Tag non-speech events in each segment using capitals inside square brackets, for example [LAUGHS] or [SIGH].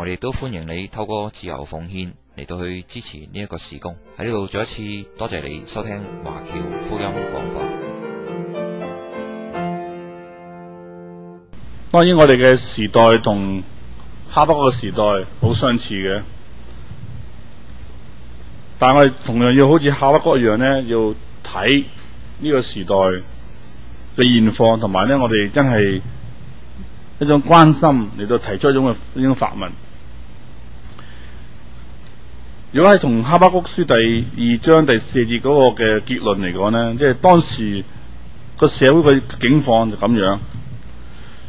我哋都歡迎你透過自由奉獻嚟到去支持呢一個事工。喺呢度再一次多謝你收聽華僑福音廣播。當然我哋嘅時代同哈巴谷嗰個時代好相似嘅，但係我哋同樣要好似哈巴谷一樣咧，要睇呢個時代嘅現況，同埋咧我哋真係一種關心嚟到提出一種嘅一種發問。如果係從《哈巴谷書》第二章第四節嗰個嘅結論嚟講咧，即係當時個社會嘅境況就咁樣，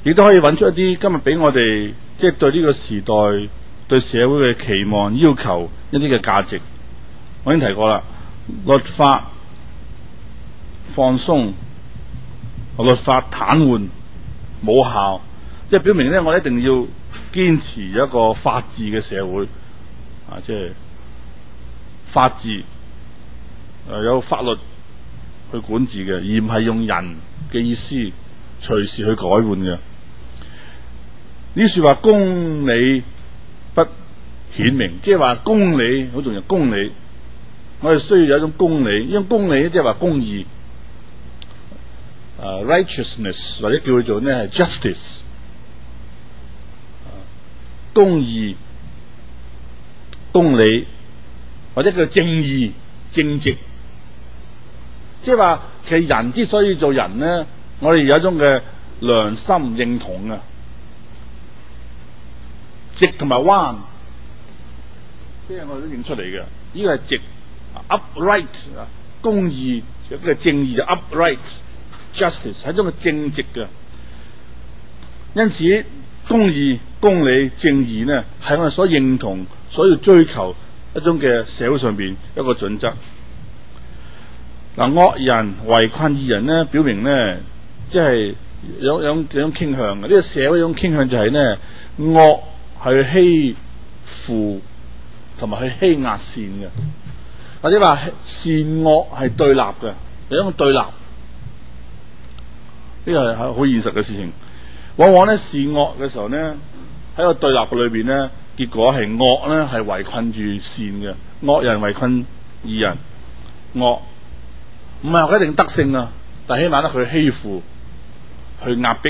亦都可以揾出一啲今日俾我哋即係對呢個時代、對社會嘅期望、要求一啲嘅價值。我已經提過啦，律法放鬆，啊，律法癱瘓冇效，即係表明咧，我一定要堅持一個法治嘅社會啊，即係。法治，誒有法律去管治嘅，而唔係用人嘅意思隨時去改換嘅。呢，說話公理不顯明，即係話公理好重要。公理，我哋需要有一種公理，因為公理即係話公義，誒、uh, righteousness 或者叫佢做咧 justice，公義、公理。或者叫正義、正直，即係話其實人之所以做人咧，我哋有一種嘅良心認同啊。直同埋彎，即係我哋都認出嚟嘅。呢個係直，upright 啊，公義即係正義就 upright justice，係一種嘅正直嘅。因此，公義、公理、正義咧，係我哋所認同、所要追求，一種嘅社會上邊一個準則，嗱、呃、惡人圍困義人咧，表明咧即係有有有種傾向嘅。呢、這個社會一種傾向就係咧惡係欺負同埋係欺壓善嘅，或者話善惡係對立嘅，有一種對立。呢個係好現實嘅事情。往往咧善惡嘅時候咧喺個對立嘅裏邊咧。結果係惡咧，係圍困住善嘅惡人圍困二人惡，唔係一定得勝啊！但起碼咧，佢欺負、佢壓迫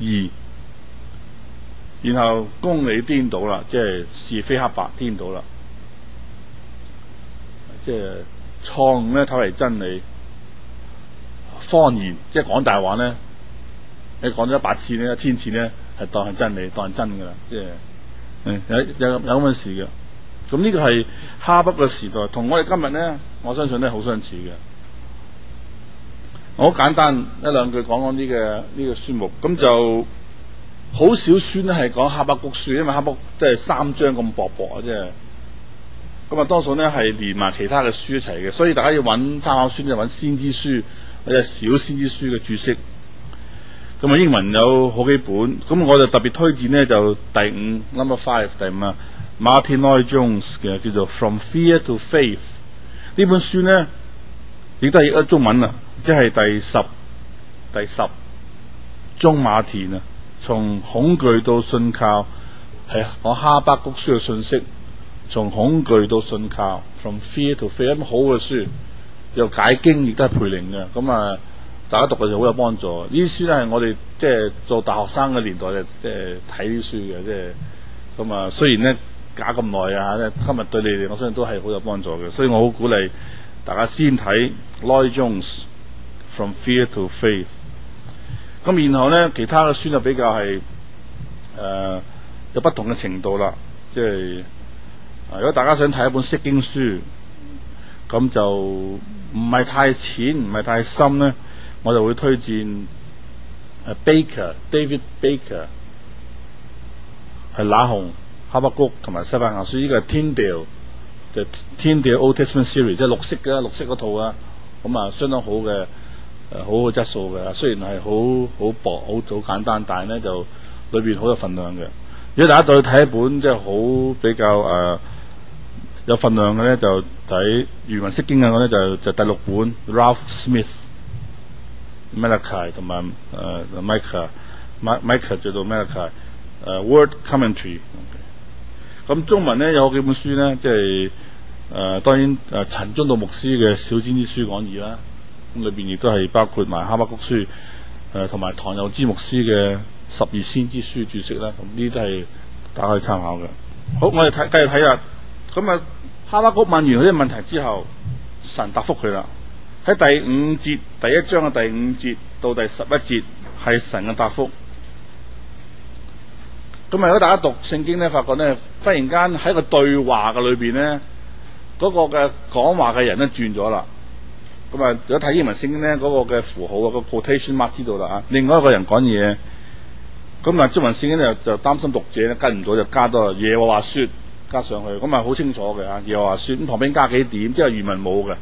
二，然後公理顛倒啦，即係是，是非黑白顛倒啦，即係錯誤咧睇嚟真理，謊言即係講大話咧，你講咗一百次呢，一千次咧。係當係真嚟，當係真噶啦，即係，嗯有有有咁嘅事嘅，咁呢個係哈巴嘅時代，同我哋今日咧，我相信咧好相似嘅。我簡單一兩句講講呢個呢個書目，咁就好少書咧係講哈巴谷書，因為哈巴即係三章咁薄薄啊，即係，咁啊多數咧係連埋其他嘅書一齊嘅，所以大家要揾參考書就揾先知書或者小先知書嘅注釋。咁啊，英文有好幾本，咁我就特別推薦呢，就第五 number、no. five 第五啊，Martin Lloyd Jones 嘅叫做 From Faith,《From Fear to Faith》呢本書呢，亦都係一中文啊，即係第十第十中馬田啊，從恐懼到信靠，係啊，我哈巴谷書嘅信息，從恐懼到信靠，《From Fear to Faith》咁好嘅書，又解經亦都係培靈嘅，咁啊～大家讀嘅就好有幫助。呢啲書咧，係我哋即係做大學生嘅年代咧，即係睇啲書嘅。即係咁啊，雖然咧隔咁耐啊嚇咧，今日對你哋我相信都係好有幫助嘅，所以我好鼓勵大家先睇《Lloyd Jones From Fear to Faith》。咁然後咧，其他嘅書就比較係誒、呃、有不同嘅程度啦。即係啊，如、呃、果大家想睇一本釋經書咁就唔係太淺唔係太深咧。我就會推薦誒 Baker David Baker 係拿紅哈巴谷同埋西番雅書，依個係丁道爾嘅丁道爾 Old Testament Series，即係綠色嘅綠色嗰套啊，咁啊相當好嘅，誒、呃、好好質素嘅。雖然係好好薄、好好簡單，但係咧就裏邊好有份量嘅。如果大家再睇一本即係好比較誒、呃、有份量嘅咧，就睇《漁文《釋經》啊，咧就就第六本 Ralph Smith。Malachi 同埋誒 Micah，Mic Micah 做到 Malachi 誒 Word Commentary，okay。咁中文咧有幾本書咧，即係誒當然誒陳終道牧師嘅《小先知書講義》啦，咁裏邊亦都係包括埋哈巴谷書誒同埋唐佑之牧師嘅《十二先知書註釋》啦，咁呢啲都係大家可以參考嘅。好，我哋睇繼續睇下，咁啊哈巴谷問完佢啲問題之後，神答覆佢啦。喺第五節第一章嘅第五節到第十一節係神嘅答覆咁啊，如果大家讀聖經咧，發覺咧忽然間喺個對話嘅裏邊咧，嗰個嘅講話嘅人咧轉咗啦。咁啊，如果睇英文聖經咧，嗰個嘅符號個 quotation mark 知道啦啊，另外一個人講嘢。咁啊，中文聖經就就擔心讀者咧跟唔到，就加多耶和華說加上去。咁啊，好清楚嘅啊，耶和華說咁旁邊加幾點，即係原文冇嘅。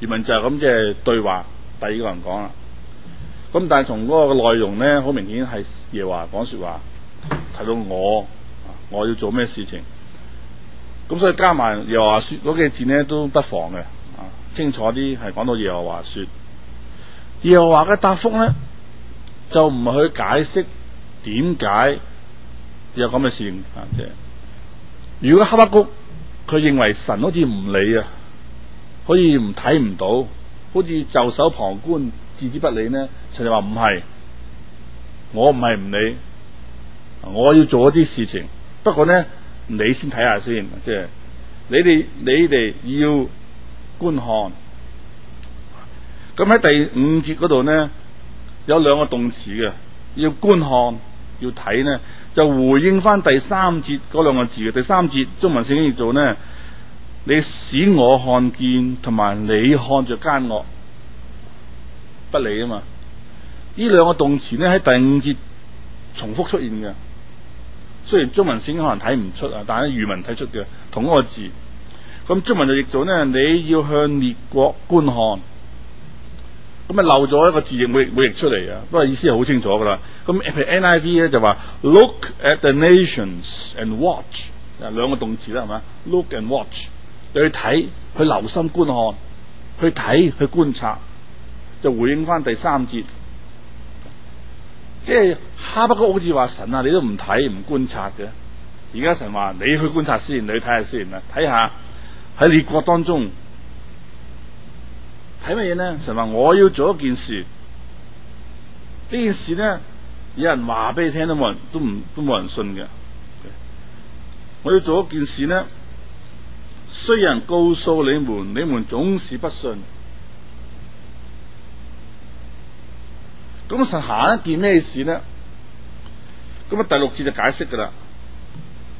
原文就係咁，即係對話，第二個人講啦。咁但係從嗰個內容咧，好明顯係耶和華講說話，提到我，我要做咩事情。咁所以加埋耶和華說嗰幾字咧，都不妨嘅，清楚啲係講到耶和華說。耶和華嘅答復咧，就唔係去解釋點解有咁嘅事情。即係如果哈巴谷佢認為神好似唔理啊。可以唔睇，唔到，好似袖手旁觀、置之不理呢？陳日話唔係，我唔係唔理，我要做一啲事情。不過呢，你先睇下先，即係你哋，你哋要觀看。咁喺第五節嗰度呢，有兩個動詞嘅，要觀看、要睇呢，就回應翻第三節嗰兩個字嘅。第三節中文聖經譯做呢？你使我看見同埋你看着奸惡不理啊嘛！呢兩個動詞咧，喺第五節重複出現嘅。雖然中文先可能睇唔出啊，但係原文睇出嘅同一個字。咁中文就譯做呢，你要向列國觀看。咁啊漏咗一個字譯，冇冇譯出嚟啊？不過意思係好清楚㗎啦。咁譬如 NIV 咧就話：Look at the nations and watch。啊，兩個動詞啦，係咪？Look and watch。去睇，去留心觀看，去睇，去觀察，就回應翻第三節。即係哈巴谷好似話神啊，你都唔睇唔觀察嘅。而家神話你去觀察先，你去睇下先啦，睇下喺列國當中睇乜嘢呢？神話我要做一件事，呢件事呢，有人話俾你聽都冇人，都唔都冇人信嘅。我要做一件事呢？雖然告訴你們，你們總是不信。咁神下一件咩事呢？咁啊第六節就解釋噶啦，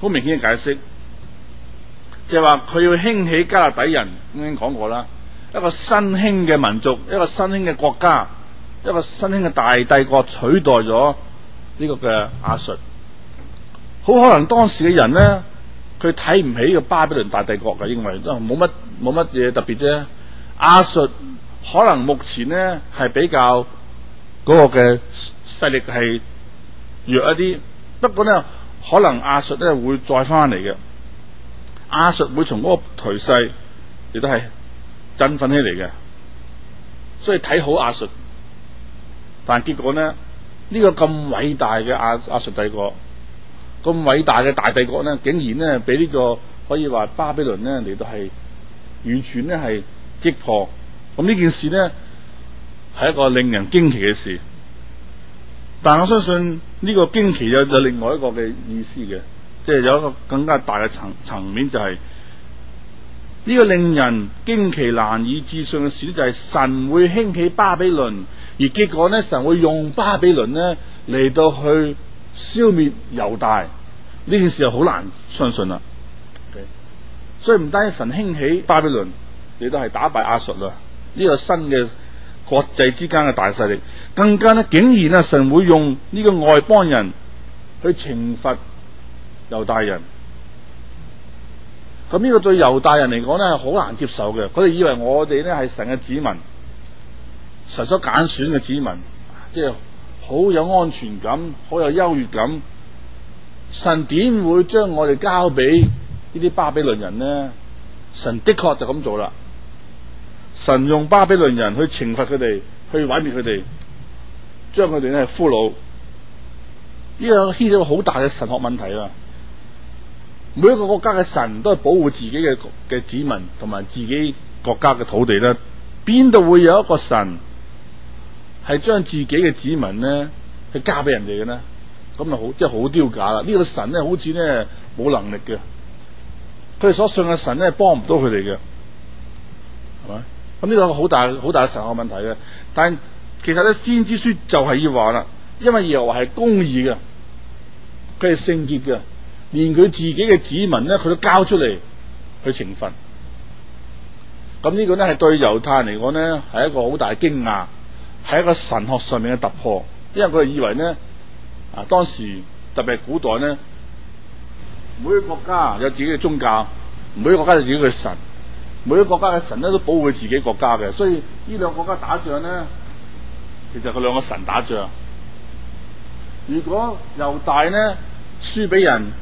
好明顯嘅解釋，就係話佢要興起加勒底人，我已經講過啦，一個新興嘅民族，一個新興嘅國家，一個新興嘅大帝國取代咗呢個嘅亞述，好可能當時嘅人呢。佢睇唔起個巴比倫大帝國嘅，因為都冇乜冇乜嘢特別啫。亞述可能目前咧係比較，嗰個嘅勢力係弱一啲，不過咧可能亞述咧會再翻嚟嘅。亞述會從個頹勢亦都係振奮起嚟嘅，所以睇好亞述，但結果咧，呢、呢個咁偉大嘅亞亞述帝國。咁偉大嘅大帝國呢，竟然呢俾呢個可以話巴比倫呢嚟到係完全呢係擊破，咁呢件事呢係一個令人驚奇嘅事，但我相信呢個驚奇有有另外一個嘅意思嘅，即係有一個更加大嘅層層面就係呢個令人驚奇難以置信嘅事，就係神會興起巴比倫，而結果呢，神會用巴比倫呢嚟到去。消滅猶大呢件事又好難相信啦，Okay. 所以唔單止神興起巴比倫，你都係打敗亞述啦，呢、呢個新嘅國際之間嘅大勢力，更加咧竟然啊神會用呢個外邦人去懲罰猶大人，咁呢個對猶大人嚟講咧好難接受嘅，佢哋以為我哋咧係神嘅子民，神所揀選嘅子民，即係。好有安全感，好有優越感，神點會將我哋交俾呢啲巴比倫人呢？神的確就咁做啦，神用巴比倫人去懲罰佢哋，去毀滅佢哋，將佢哋咧俘虜。呢個牽咗個好大嘅神學問題啊，每一個國家嘅神都係保護自己嘅嘅子民同埋自己國家嘅土地咧，邊度會有一個神？係將自己嘅子民咧，去交俾人哋嘅咧，咁啊好，即、就、係、是、好丟架啦！呢、這個神咧，好似咧冇能力嘅，佢哋所信嘅神咧，幫唔到佢哋嘅，係嘛？咁呢個好大好大嘅神學問題嘅。但係其實咧，先知書就係要話啦，因為猶太係公義嘅，佢係聖潔嘅，連佢自己嘅子民咧，佢都交出嚟去懲罰。咁呢個咧係對猶太人嚟講咧，係一個好大嘅驚訝。係一個神學上面嘅突破，因為佢哋以為咧，啊當時特別係古代咧，每個國家有自己嘅宗教，每個國家有自己嘅神，每個國家嘅神咧都保護佢自己國家嘅，所以呢兩個國家打仗咧，其實佢兩個神打仗。如果猶大咧輸俾人，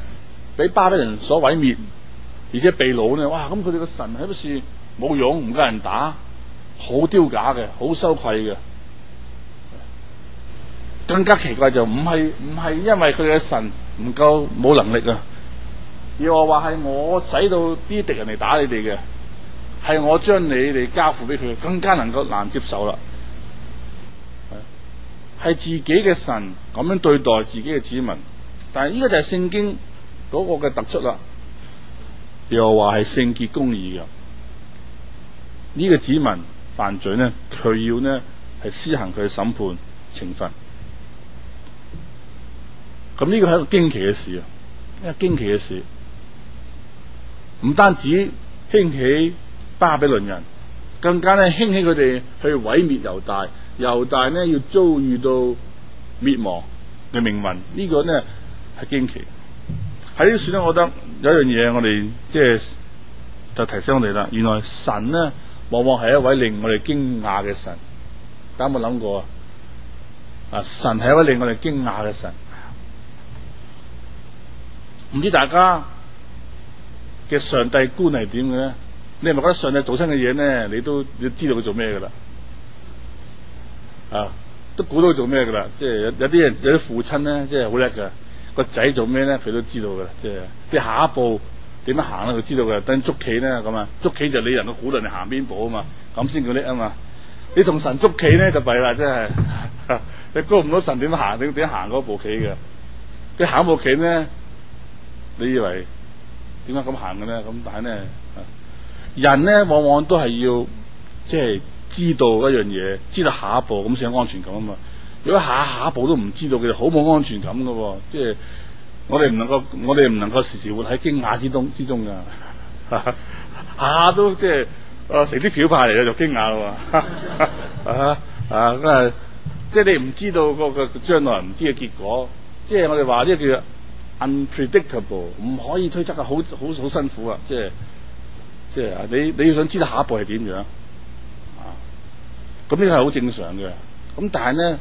俾巴比人所毀滅，而且被擄咧，哇！咁佢哋嘅神係不是冇用唔夠人打，好丟架嘅，好羞愧嘅。更加奇怪就唔係唔係，因為佢嘅神唔夠冇能力啊！又話係我使到啲敵人嚟打你哋嘅，係我將你哋交付俾佢，更加能夠難接受啦。係自己嘅神咁樣對待自己嘅子民，但係呢個就係聖經個嘅突出啦。又話係聖潔公義嘅，呢個子民犯罪咧，佢要咧係施行佢嘅審判懲罰。咁呢個係一個驚奇嘅事啊！一個驚奇嘅事，唔單止興起巴比倫人，更加咧興起佢哋去毀滅猶大，猶大咧要遭遇到滅亡嘅命運。這個，呢個咧係驚奇。喺呢處咧，我覺得有一樣嘢，我哋即係就提醒我哋啦。原來神咧，往往係一位令我哋驚訝嘅神。大家有冇諗過啊？啊，神係一位令我哋驚訝嘅神。唔知大家嘅上帝觀係點嘅咧？你係咪覺得上帝做親嘅嘢咧？你都你知道佢做咩噶啦？啊，都估到佢做咩噶啦？即係有有啲人有啲父親咧，即係好叻噶個仔做咩咧？佢都知道噶啦，即係啲下一步點樣行咧？佢知道噶，等捉棋咧咁啊，捉棋就你人個古你行邊步啊嘛，咁先叫叻啊嘛。你同神捉棋咧就弊啦，真係你估唔到神點行你點行嗰步棋嘅，你下一步呢下棋咧。 [LAUGHS] 你以為點解咁行嘅咧？咁但係咧，人咧往往都係要即係、就是、知道一樣嘢，知道下一步咁先有安全感啊嘛。如果下下一步都唔知道，就好冇安全感噶。即係我哋唔能夠，我哋唔能夠時時活喺驚訝之中之中噶。下 [LAUGHS] 下都即係成績表派嚟嘅就驚訝啦。啊啊咁啊！即、就、係、是、你唔知道個個將來唔知嘅結果。即、就、係、是、我哋話呢句。Unpredictable 唔可以推測嘅，好好好辛苦啊！即係即係你你要想知道下一步係點樣啊？咁呢個係好正常嘅。咁但係咧，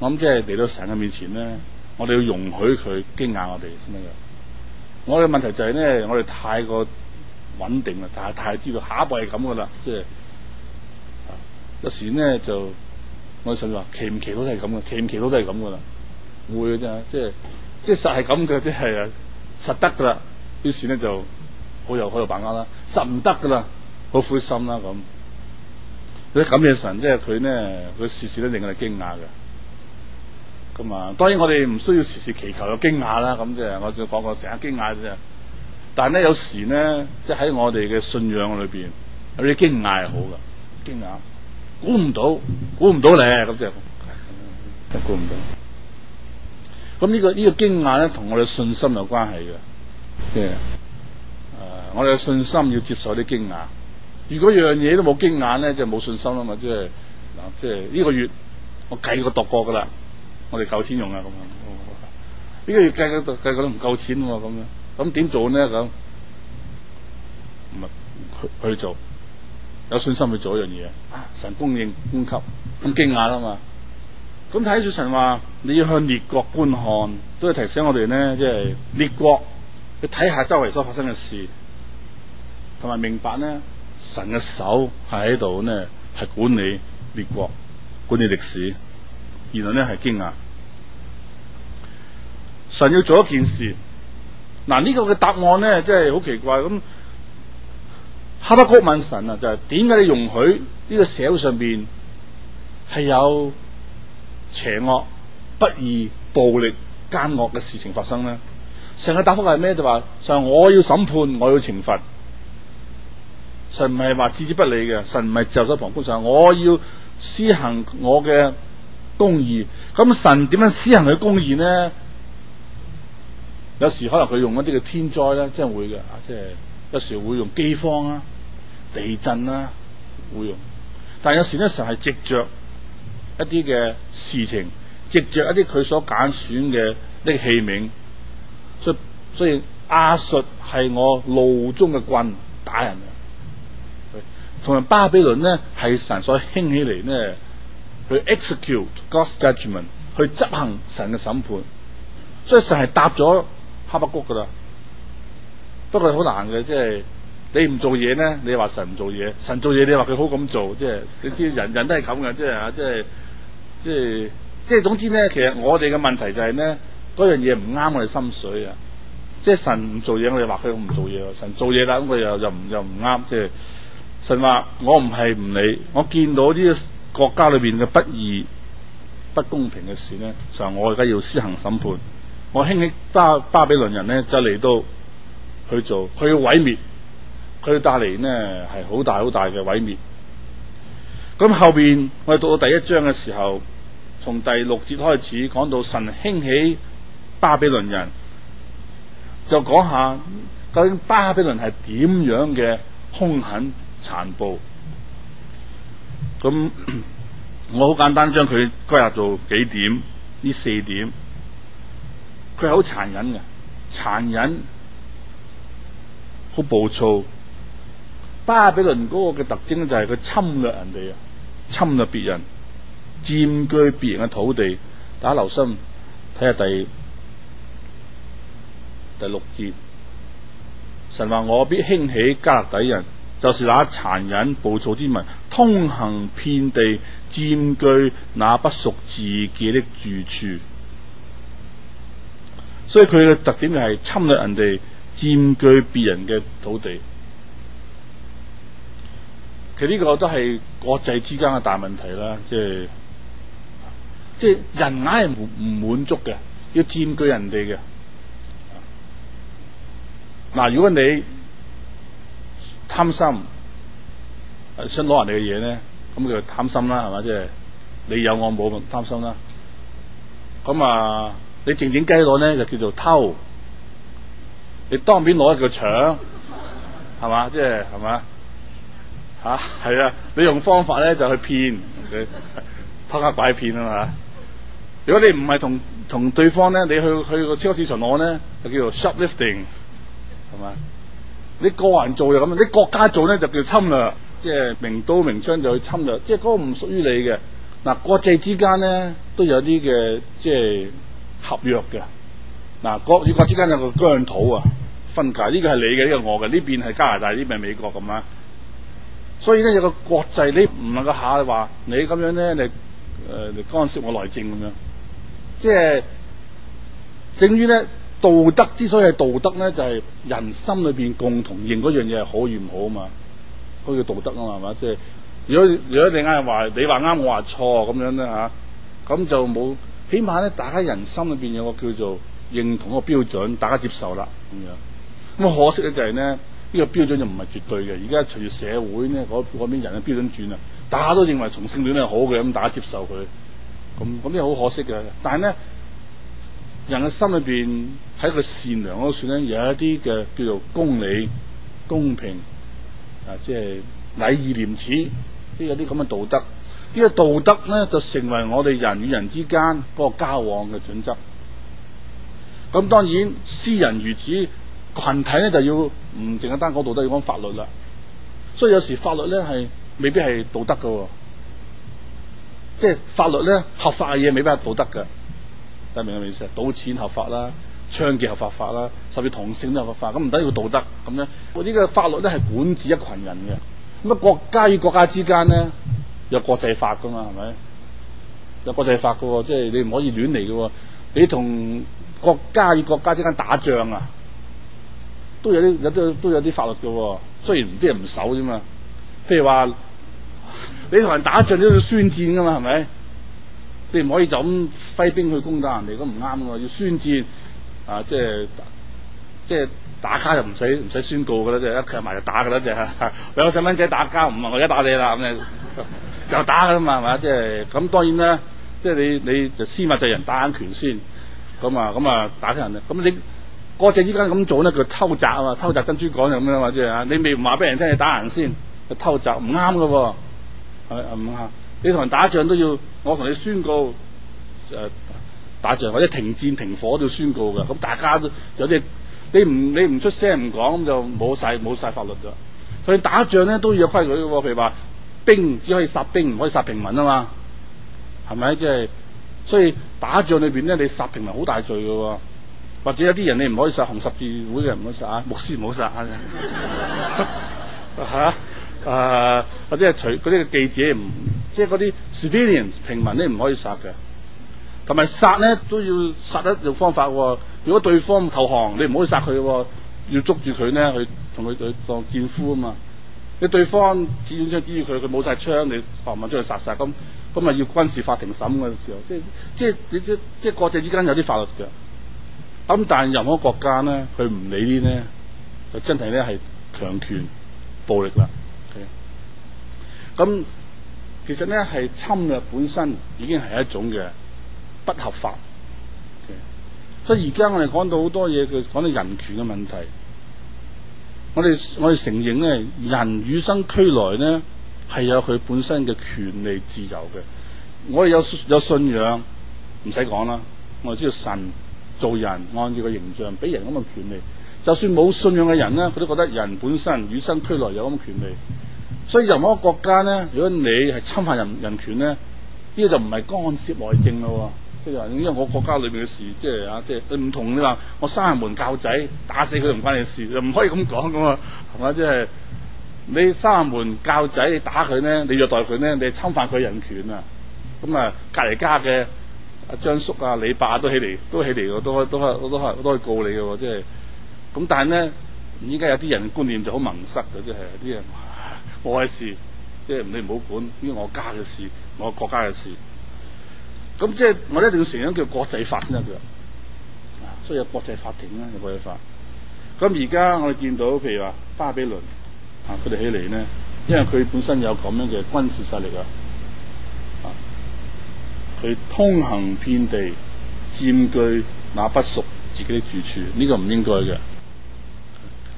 我諗即係嚟到神嘅面前咧，我哋要容許佢驚訝我哋先得嘅。我哋問題就係咧，我哋太過穩定啦，太太知道下一步係咁噶啦，即係、啊、有時咧就我哋想話，祈唔祈禱都係咁嘅，祈唔祈禱都祈唔祈禱都係咁噶啦，會嘅啫，即係。即實係咁嘅，即係實得噶啦。於是呢，就好有好有把握啦。實唔得噶啦，好灰心啦咁。所以感謝神，即係佢咧，佢時時都令我哋驚訝嘅。咁啊，當然我哋唔需要時時祈求有驚訝啦。咁即係我先講過成日驚訝啫。但係咧有時咧，即係喺我哋嘅信仰裏邊，有啲驚訝係好嘅。驚訝，估唔到，估唔到咧咁即係估唔到。咁呢個呢個驚訝咧，同我哋信心有關係嘅，誒、誒，我哋有信心要接受啲驚訝。如果樣嘢都冇驚訝咧，就冇信心啦嘛，即係嗱，即係呢個月我計過度過噶啦，我哋夠錢用啊，咁樣。呢、哦這個月計計到計都唔夠錢喎，咁樣，咁點做咧咁？唔係去去做，有信心去做一樣嘢，啊，神供應供給，咁驚訝啦嘛。咁睇住神話，你要向列國觀看，都係提醒我哋呢，即係列國去睇下周圍所發生嘅事，同埋明白呢，神嘅手係喺度呢，係管理列國，管理歷史，然後呢，係驚訝。神要做一件事，嗱呢、這個嘅答案呢，即係好奇怪。咁哈巴谷問神啊，就係點解你容許呢個社會上邊係有？邪惡、不義、暴力、奸惡嘅事情發生咧，成個答覆係咩？就話神我要審判，我要懲罰。神唔係話置之不理嘅，神唔係袖手旁觀，神我要施行我嘅公義。咁神點樣施行佢公義呢？有時可能佢用一啲嘅天災啦，即係會嘅，即係有時會用饑荒啊、地震啊，會用。但係有時咧，神係直着。一啲嘅事情，藉着一啲佢所揀選嘅啲器皿，所以所以亞述係我路中嘅棍打人嘅，同埋巴比倫咧係神所興起嚟咧去 execute God’s judgment 去執行神嘅審判，所以神係搭咗哈巴谷噶啦，不過好難嘅，即係你唔做嘢咧，你話神唔做嘢，神做嘢你話佢好咁做，即係你知人人都係咁嘅，即係啊，即係。即係即係，總之咧，其實我哋嘅問題就係咧，嗰樣嘢唔啱我哋心水啊！即係神唔做嘢，我哋話佢唔做嘢；神做嘢啦，咁佢又又唔又唔啱。即係神話我唔係唔理，我見到呢個國家裏邊嘅不義、不公平嘅事咧，就是，我而家要施行審判。我興起巴巴比倫人咧，就嚟到去做，佢要毀滅，佢帶嚟咧係好大好大嘅毀滅。咁後邊我哋讀到第一章嘅時候。從第六節開始講到神興起巴比倫人，就講下究竟巴比倫係點樣嘅凶狠殘暴。咁我好簡單將佢歸納做幾點？呢四點，佢係好殘忍嘅，殘忍，好暴躁。巴比倫個嘅特徵咧就係佢侵略人哋啊，侵略別人。佔據別人嘅土地，大家留心睇下第第六節，神話我必興起加勒底人，就是那殘忍暴躁之民，通行遍地，佔據那不屬自己的住處。所以佢嘅特點就係侵略人哋，佔據別人嘅土地。其實呢個都係國際之間嘅大問題啦，即係。.即係人硬係唔唔滿足嘅，要佔據人哋嘅。嗱、啊，如果你貪心，想攞人哋嘅嘢咧，咁就貪心啦，係嘛？即係你有我冇，貪心啦。咁啊，你靜靜雞攞咧，就叫做偷。你當面攞一個就搶，是，係嘛？即係係嘛？吓，係啊！你用方法咧就去騙，偷呃拐騙啊嘛～ [LAUGHS] 如果你唔係同同對方咧，你去去個超市巡按咧，就叫做 shoplifting，係嘛？你個人做就咁樣，你國家做咧就叫侵略，即係明刀明槍就去侵略。即係嗰個唔屬於你嘅，嗱、啊，國際之間咧都有啲嘅即係合約嘅，嗱、啊，國與國之間有個疆土啊，分界，呢、這個係你嘅，呢、這個我嘅，呢邊係加拿大，呢邊係美國咁啊。所以咧有個國際，你唔能夠下話你咁樣咧你誒、呃、干涉我內政咁樣。即係，正於咧道德之所以係道德咧，就係、是、人心裏邊共同認嗰樣嘢係好與唔好啊嘛，都叫道德啊嘛，係嘛？即係如果如果你硬係話你話啱我話錯咁樣咧吓，咁、啊、就冇，起碼咧大家人心裏邊有個叫做認同嗰個標準，大家接受啦咁樣。咁可惜咧就係咧呢、這個標準就唔係絕對嘅，而家隨住社會咧嗰嗰邊人嘅標準轉啦，大家都認為同性戀係好嘅，咁大家接受佢。咁咁呢，好可惜嘅。但係咧，人嘅心裏邊喺個善良嗰度咧，有一啲嘅叫做公理、公平，啊，即係禮義廉恥，都有啲咁嘅道德。呢個道德咧，就成為我哋人與人之間嗰個交往嘅準則。咁當然，私人如此，群體咧就要唔淨係單講道德，要講法律啦。所以有時法律咧係未必係道德噶、啊。即係法律咧，合法嘅嘢未必係道德嘅，大家明唔明意思啊？賭錢合法啦，槍擊合法法啦，甚至同性都有合法，法。咁唔等於道德咁樣呢？呢、這個法律咧係管治一群人嘅，咁啊國家與國家之間咧有國際法噶嘛，係咪？有國際法噶、哦，即係你唔可以亂嚟噶、哦，你同國家與國家之間打仗啊，都有啲有都都有啲法律噶、哦，雖然啲人唔守啫嘛。譬如話。你同人打仗你都要宣戰噶嘛，係咪？你唔可以就咁揮兵去攻打人哋，咁唔啱噶。要宣戰啊，即係即係打交就唔使唔使宣告噶啦，即係一契埋就打噶啦，即係。兩個細蚊仔打交，唔係我而家打你啦咁你，你就打噶啦嘛，係嘛？即係咁，當然啦，即係你你就司密就人打眼拳先，咁啊咁啊打人啊。咁你國際之間咁做咧，佢偷襲啊嘛，偷襲珍珠港咁樣嘛，即係啊！你未唔話俾人聽，你打人先打人，偷襲唔啱噶。啊、嗯，你同人打仗都要，我同你宣告誒、呃，打仗或者停戰停火都要宣告噶。咁、嗯、大家都有啲，你唔你唔出聲唔講，咁就冇晒冇晒法律噶。所以打仗咧都要有規矩嘅、哦。譬如話兵只可以殺兵，唔可以殺平民啊嘛，係咪？即、就、係、是，所以打仗裏邊咧，你殺平民好大罪噶、哦。或者有啲人你唔可以殺紅十字會嘅人，唔可以殺，牧師唔好殺啊。吓？ [LAUGHS] [LAUGHS] 啊、呃、或者係除啲嘅記者唔，即係啲 civilian 平民咧唔可以殺嘅，同埋殺咧都要殺得有方法喎。如果對方投降，你唔可以殺佢喎，要捉住佢咧去同佢對當戰俘啊嘛。你對方隻槍指住佢，佢冇晒槍，你狂猛將佢殺殺咁咁啊，要軍事法庭審嘅時候，即係即係你即係國際之間有啲法律嘅。咁但係任何國家咧，佢唔理呢咧，就真係咧係強權暴力啦。咁其實咧係侵略本身已經係一種嘅不合法嘅，okay. 所以而家我哋講到好多嘢，佢講到人權嘅問題，我哋我哋承認咧，人與生俱來咧係有佢本身嘅權利自由嘅，我哋有有信仰，唔使講啦，我哋知道神做人按照個形象俾人咁嘅權利，就算冇信仰嘅人咧，佢都覺得人本身與生俱來有咁嘅權利。所以任何一個國家咧，如果你係侵犯人人權咧，呢個就唔係干涉內政咯。即係因為我國家裏邊嘅事，即係啊，即係唔同你話我三下門教仔打死佢唔關你事，又唔可以咁講噶喎，係嘛？即係你三下門教仔，你打佢咧，你虐待佢咧，你侵犯佢人權啊！咁啊，隔離家嘅阿張叔啊、李伯啊都起嚟，都起嚟，都都都都，都，都，都，都告你嘅喎，即係。咁但係咧，依家有啲人觀念就好矇塞嘅，即係啲人。我嘅事，即係你唔好管，呢我家嘅事，我國家嘅事。咁即係我一定要承認叫國際法先得嘅，所以有國際法庭啦，有國際法。咁而家我哋見到譬如話巴比倫啊，佢哋起嚟呢，因為佢本身有咁樣嘅軍事勢力啊，啊，佢通行遍地，佔據那不屬自己嘅住處，呢、呢個唔應該嘅，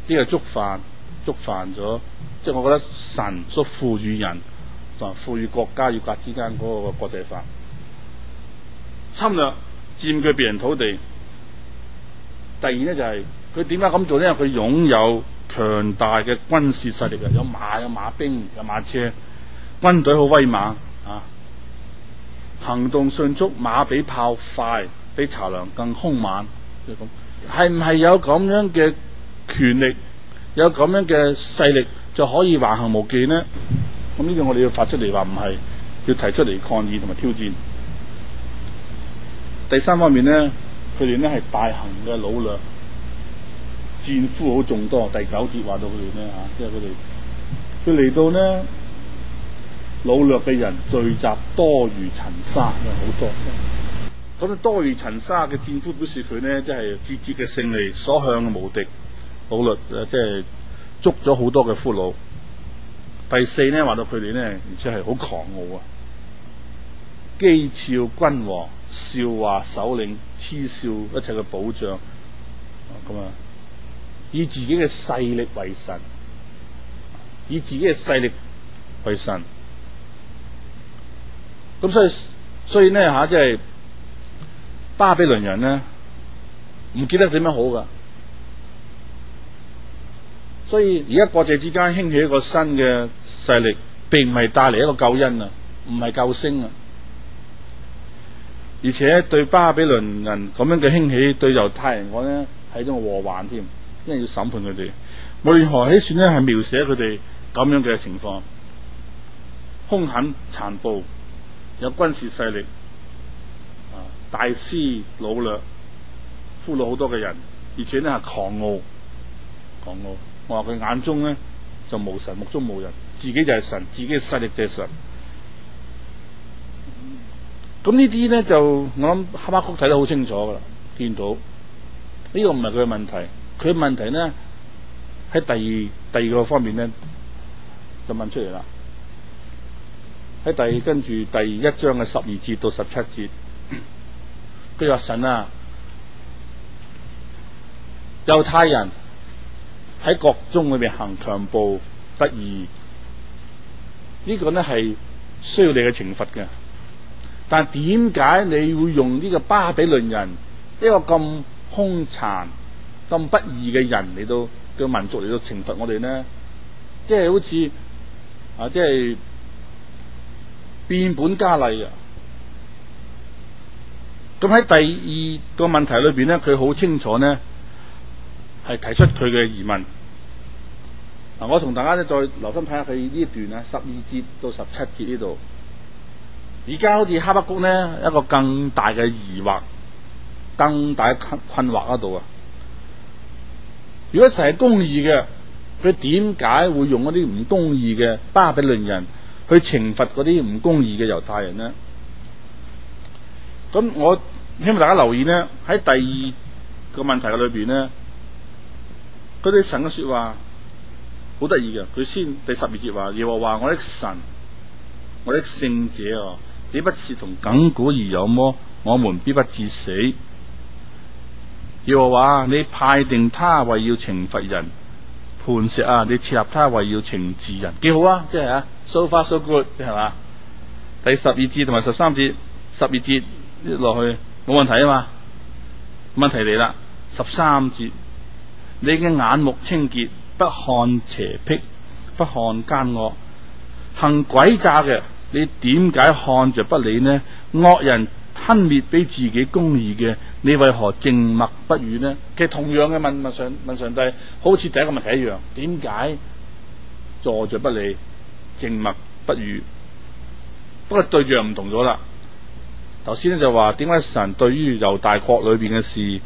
呢個觸犯。觸犯咗，即係我覺得神所賦予人同埋賦予國家與國之間嗰個國際法，侵略、佔據別人土地。第二呢，就係佢點解咁做呢？佢擁有強大嘅軍事勢力啊！有馬有馬兵有馬車，軍隊好威猛啊！行動迅速，馬比炮快，比豺狼更兇猛，就係咁。係唔係有咁樣嘅權力？有咁樣嘅勢力就可以橫行無忌呢？咁呢、這個我哋要發出嚟，話唔係，要提出嚟抗議同埋挑戰。第三方面呢，佢哋呢係大行嘅擄掠戰俘，好眾多。第九節話到佢哋呢，吓、啊，即係佢哋，佢嚟到呢，擄掠嘅人聚集多如塵沙啊，好多。咁多如塵沙嘅戰俘表示佢呢即係節節嘅勝利，所向嘅無敵。好啦，即係捉咗好多嘅俘虜。第四咧，話到佢哋咧，而且係好狂傲啊！譏誚君王，笑話首領，嗤笑一切嘅保障，咁啊，以自己嘅勢力為神，以自己嘅勢力為神。咁所以，所以咧吓，即係、就是、巴比倫人咧，唔見得點樣好噶。所以而家國際之間興起一個新嘅勢力，並唔係帶嚟一個救恩啊，唔係救星啊。而且對巴比倫人咁樣嘅興起，對猶太人講呢，係一種禍患添，因為要審判佢哋。為何喺算呢？係描寫佢哋咁樣嘅情況？凶狠殘暴，有軍事勢力，大肆擄掠，俘虜好多嘅人，而且呢係狂傲，狂傲。我話佢眼中咧就無神，目中無人，自己就係神，自己嘅勢力就係神。咁呢啲咧就我諗哈巴谷睇得好清楚噶啦，見到呢個唔係佢嘅問題，佢嘅問題咧喺第二第二個方面咧就問出嚟啦。喺第跟住第一章嘅十二節到十七節，佢話神啊，猶太人。喺國中裏邊行強暴不義，這個、呢個咧係需要你嘅懲罰嘅。但係點解你會用呢個巴比倫人，一、這個咁凶殘、咁不義嘅人嚟到嘅、這個、民族嚟到懲罰我哋咧？即係好似啊，即係變本加厲啊！咁喺第二個問題裏邊咧，佢好清楚咧，係提出佢嘅疑問。我同大家咧再留心睇下佢呢一段啊，十二節到十七節呢度，而家好似哈巴谷咧一個更大嘅疑惑，更大困困惑度啊。如果神係公義嘅，佢點解會用啲唔公義嘅巴比倫人去懲罰啲唔公義嘅猶太人咧？咁我希望大家留意咧，喺第二個問題裏邊咧，佢對神嘅說話。好得意嘅，佢先第十二節話，耶和華我的神，我的聖者啊，你不是同亙古而有麼？我們必不致死。耶和華你派定他為要懲罰人，磐石啊，你設立他為要懲治人，幾好啊！即係啊，so far so good 係嘛？第十二節同埋十三節，十二節落去冇問題啊嘛。問題嚟啦，十三節，你嘅眼目清潔。不看邪僻，不看奸惡，行詭詐嘅，你點解看著不理呢？惡人吞滅比自己公義嘅，你為何靜默不語呢？其實同樣嘅問問上問上帝，好似第一個問題一樣，點解坐著不理，靜默不語？不過對象唔同咗啦。頭先咧就話，點解神對於猶大國裏邊嘅事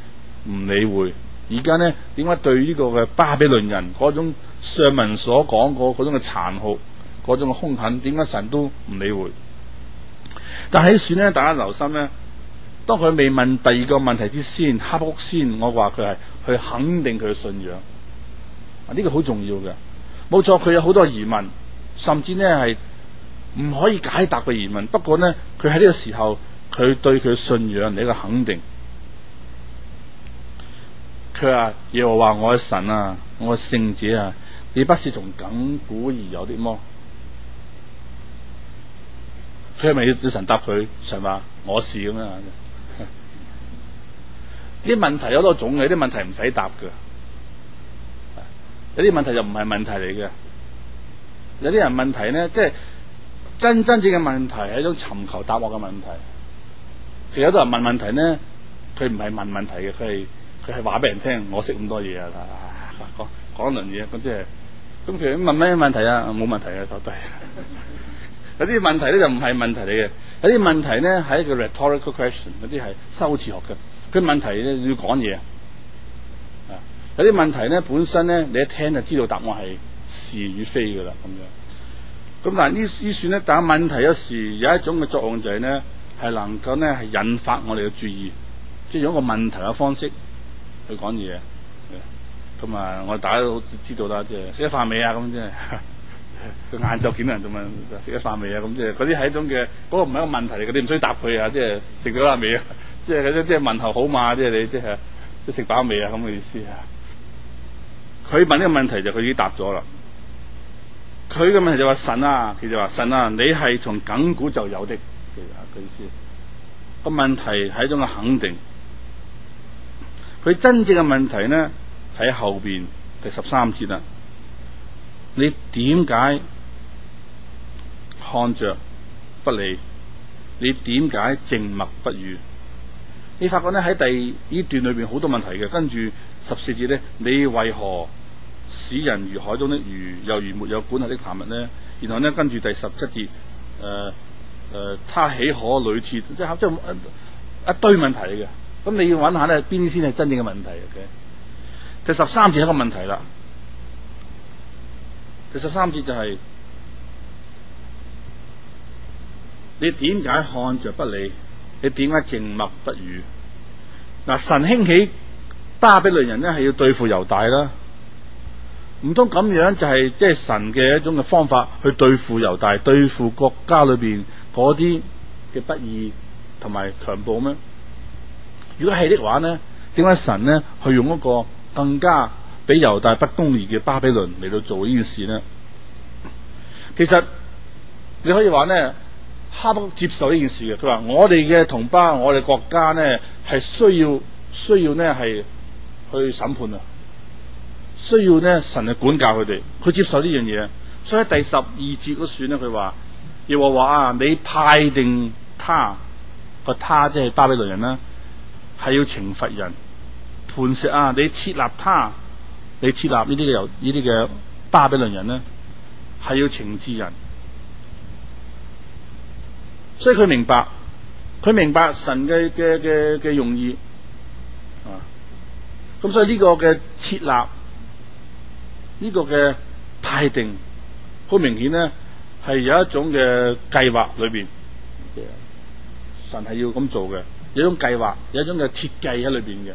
唔理會？而家咧，點解對呢個嘅巴比倫人嗰種上文所講過嗰種嘅殘酷、嗰種嘅兇狠，點解神都唔理會？但喺選咧，大家留心咧，當佢未問第二個問題之先，黑屋先，我話佢係去肯定佢嘅信仰，啊呢個好重要嘅。冇錯，佢有好多疑問，甚至咧係唔可以解答嘅疑問。不過咧，佢喺呢個時候，佢對佢嘅信仰嚟一個肯定。佢啊，又話我神啊，我聖子啊，你不是從亙古而有啲麼？佢係咪要神答佢？神話我是咁樣？啲 [LAUGHS] 問題有多種嘅，啲問題唔使答嘅，有啲問題就唔係問題嚟嘅。有啲人問題呢，即係真真正嘅問題係一種尋求答案嘅問題。其實有啲人問問題呢，佢唔係問問題嘅，佢係。就係話俾人聽，我識咁多嘢啊！講講一輪嘢咁即係。咁、就是、譬如問咩問題啊？冇問題嘅，都係。 [LAUGHS] 有啲問題咧就唔係問題嚟嘅。有啲問題咧係一個 rhetorical question，嗰啲係修辭學嘅。佢問題咧要講嘢啊。有啲問題咧本身咧你一聽就知道答案係是，是與非㗎啦，咁樣。咁但係呢呢算咧，但係問題有時有一種嘅作用就係咧，係能夠咧係引發我哋嘅注意，即係用一個問題嘅方式。佢講嘢，同埋我大家都知道啦，即係食咗飯未啊？咁 [LAUGHS] 即係，佢晏晝見人就問，食咗飯未啊？咁即係，嗰啲係一種嘅，嗰、嗰個唔係一個問題嚟嘅，你唔需要答佢啊。即係食咗啊未啊？即係嗰啲，即係問候好嘛？即係你即係，即係食飽未啊？咁嘅意思啊。佢問呢個問題就佢已經答咗啦。佢嘅問題就話神啊，其實就話神啊，你係從梗古就有的。其實佢意思、個問題係一種嘅肯定。佢真正嘅問題呢，喺後邊第十三節啦，你點解看着不理？你點解靜默不語？你發覺呢？喺第呢段裏邊好多問題嘅，跟住十四節呢，你為何使人如海中的魚，又如沒有管轄的爬物呢？然後呢，跟住第十七節，誒、呃、誒，他、呃、豈可屢次即係即，即，即一堆問題嚟嘅。咁你要搵下咧，邊啲先係真正嘅問題嘅、okay？第十三節一個問題啦。第十三節就係你點解看着不理？你點解靜默不語？嗱、呃，神興起巴比倫人咧，係要對付猶大啦。唔通咁樣就係、是、即係神嘅一種嘅方法去對付猶大，對付國家裏邊啲嘅不義同埋強暴咩？如果係的話呢，點解神呢？去用一個更加比猶大不公義嘅巴比倫嚟到做呢件事呢？其實你可以話呢，哈巴谷接受呢件事嘅，佢話我哋嘅同胞，我哋國家呢，係需要需要呢，係去審判啊，需要呢，神去管教佢哋，佢接受呢樣嘢。所以喺第十二節嗰段呢，佢話耶和華啊，你派定他個他即係巴比倫人啦。係要懲罰人，磐石啊！你設立他，你設立呢啲嘅由呢啲嘅巴比倫人咧，係要懲治人。所以佢明白，佢明白神嘅嘅嘅嘅用意啊！咁所以呢個嘅設立，呢個嘅派定，好明顯咧，係有一種嘅計劃裏邊嘅神係要咁做嘅。有種計劃，有一種嘅設計喺裏邊嘅，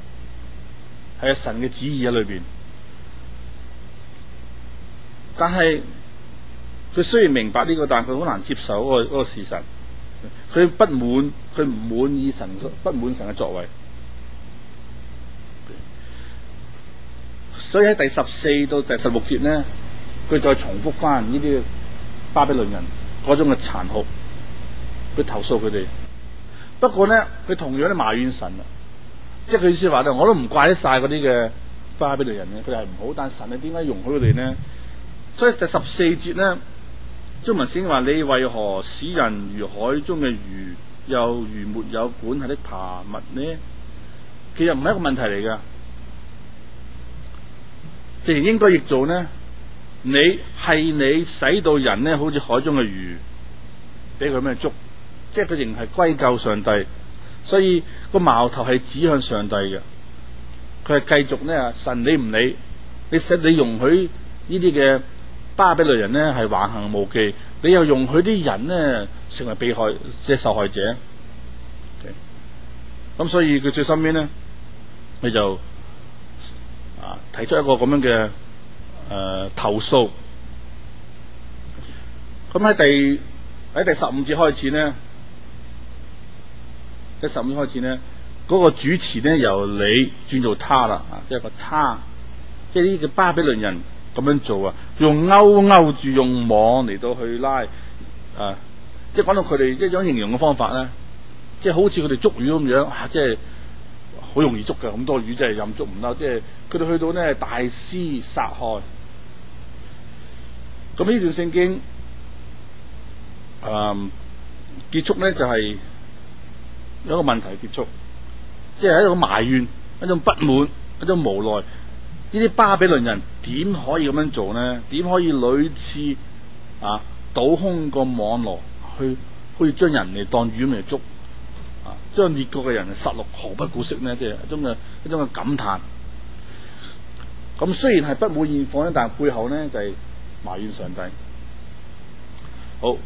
係神嘅旨意喺裏邊。但係佢雖然明白呢個，但係佢好難接受嗰個嗰個事實。佢不滿，佢唔滿意神不滿神嘅作為。所以喺第十四到第十六節呢，佢再重複翻呢啲巴比倫人嗰種嘅殘酷，佢投訴佢哋。不過咧，佢同樣都埋怨神啊，即係佢意思話咧，我都唔怪得晒啲嘅巴比倫人嘅，佢哋係唔好，但係神你點解容許佢哋咧？所以第十四節咧，中文聖經話：你為何使人如海中嘅魚，又如沒有管轄的爬物呢？其實唔係一個問題嚟噶，既然應該亦做咧，你係你使到人咧，好似海中嘅魚，俾佢咩捉？即係佢仍係歸咎上帝，所以個矛頭係指向上帝嘅。佢係繼續咧，神理唔理，你實你容許呢啲嘅巴比倫人呢係橫行無忌，你又容許啲人呢成為被害即係受害者。咁、okay? 所以佢最身邊呢，佢就啊提出一個咁樣嘅誒、呃、投訴。咁喺第喺第十五節開始呢。喺十五年開始咧，嗰個主持咧由你轉做他啦，啊，即係個他，即係呢啲叫巴比倫人咁樣做啊，用勾勾住，用網嚟到去拉，啊，即係講到佢哋一種形容嘅方法咧，即係好似佢哋捉魚咁樣，啊、即係好容易捉嘅，咁多魚真係任捉唔嬲，即係佢哋去到呢，大肆殺害。咁呢段聖經，嗯，結束咧就係。有一個問題結束，即係喺度埋怨、一種不滿、一種無奈。呢啲巴比倫人點可以咁樣做呢？點可以屢次啊倒空個網羅，去去將人哋當魚嚟捉啊？將列國嘅人殺戮，毫不顧惜呢？即係一種嘅一種嘅感嘆。咁、嗯、雖然係不滿現況，但背後呢就係、是、埋怨上帝。好。